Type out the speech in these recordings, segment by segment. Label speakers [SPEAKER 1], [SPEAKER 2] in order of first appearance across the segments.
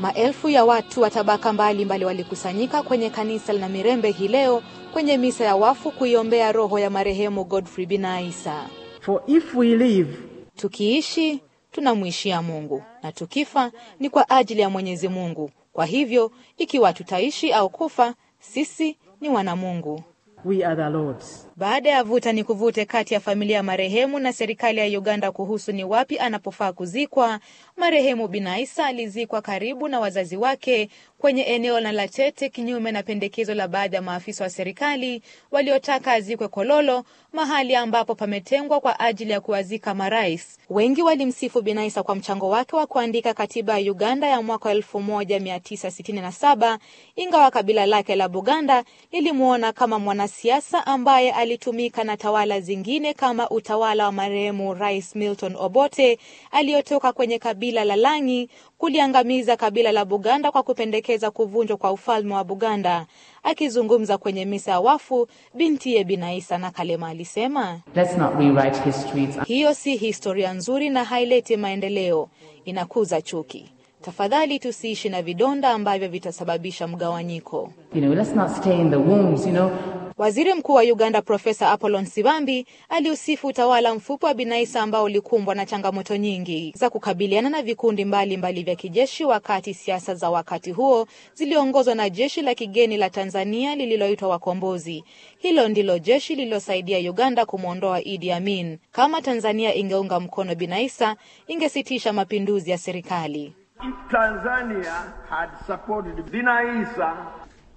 [SPEAKER 1] Maelfu ya watu wa tabaka mbalimbali walikusanyika kwenye kanisa la Mirembe hii leo kwenye misa ya wafu kuiombea roho ya marehemu Godfrey Binaisa. For if we live, tukiishi tunamwishia Mungu na tukifa ni kwa ajili ya Mwenyezi Mungu. Kwa hivyo ikiwa tutaishi au kufa, sisi ni wana Mungu. We are the Lord's baada ya vuta ni kuvute kati ya familia ya marehemu na serikali ya Uganda kuhusu ni wapi anapofaa kuzikwa, marehemu Binaisa alizikwa karibu na wazazi wake kwenye eneo la Latete, kinyume na pendekezo la baadhi ya maafisa wa serikali waliotaka azikwe Kololo, mahali ambapo pametengwa kwa ajili ya kuwazika marais. Wengi walimsifu Binaisa kwa mchango wake wa kuandika katiba ya Uganda ya mwaka 1967 ingawa kabila lake la Buganda lilimwona kama mwanasiasa ambaye yalitumika na tawala zingine kama utawala wa marehemu Rais Milton Obote aliyotoka kwenye kabila la Langi kuliangamiza kabila la Buganda kwa kupendekeza kuvunjwa kwa ufalme wa Buganda. Akizungumza kwenye misa ya wafu, Bintiye Binaisa na Kalema alisema Let's not rewrite history. Hiyo si historia nzuri na haileti maendeleo, inakuza chuki. Tafadhali tusiishi na vidonda ambavyo vitasababisha mgawanyiko. You know, let's not stay in the wombs, you know. Waziri Mkuu wa Uganda Profesa Apollon Sibambi aliusifu utawala mfupi wa Binaisa ambao ulikumbwa na changamoto nyingi za kukabiliana na vikundi mbalimbali mbali vya kijeshi, wakati siasa za wakati huo ziliongozwa na jeshi la kigeni la Tanzania lililoitwa Wakombozi. Hilo ndilo jeshi lililosaidia Uganda kumwondoa Idi Amin. Kama Tanzania ingeunga mkono Binaisa, ingesitisha mapinduzi ya serikali. If Tanzania had supported Binaisa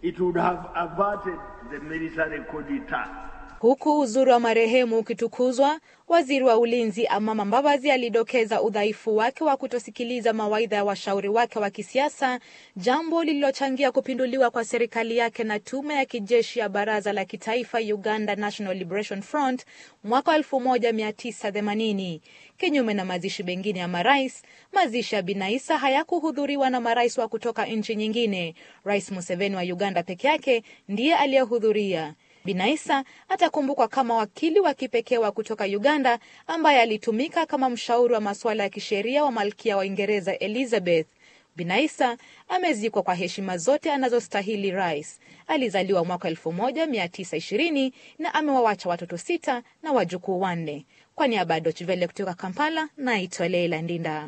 [SPEAKER 1] it would have averted the military coup d'etat. Huku uzuri wa marehemu ukitukuzwa, waziri wa ulinzi Amama Mbabazi alidokeza udhaifu wake wa kutosikiliza mawaidha ya washauri wake wa kisiasa, jambo lililochangia kupinduliwa kwa serikali yake na tume ya kijeshi ya Baraza la Kitaifa Uganda National Liberation Front mwaka 1980. Kinyume na mazishi mengine ya marais, mazishi ya Binaisa hayakuhudhuriwa na marais wa kutoka nchi nyingine. Rais Museveni wa Uganda peke yake ndiye aliyehudhuria. Binaisa atakumbukwa kama wakili wa kipekee wa kutoka Uganda ambaye alitumika kama mshauri wa masuala ya kisheria wa Malkia wa Uingereza Elizabeth. Binaisa amezikwa kwa heshima zote anazostahili rais. Alizaliwa mwaka 1920 na amewawacha watoto sita na wajukuu wanne. Kwa niaba ya Dochivele kutoka Kampala, naitwa Leila Ndinda.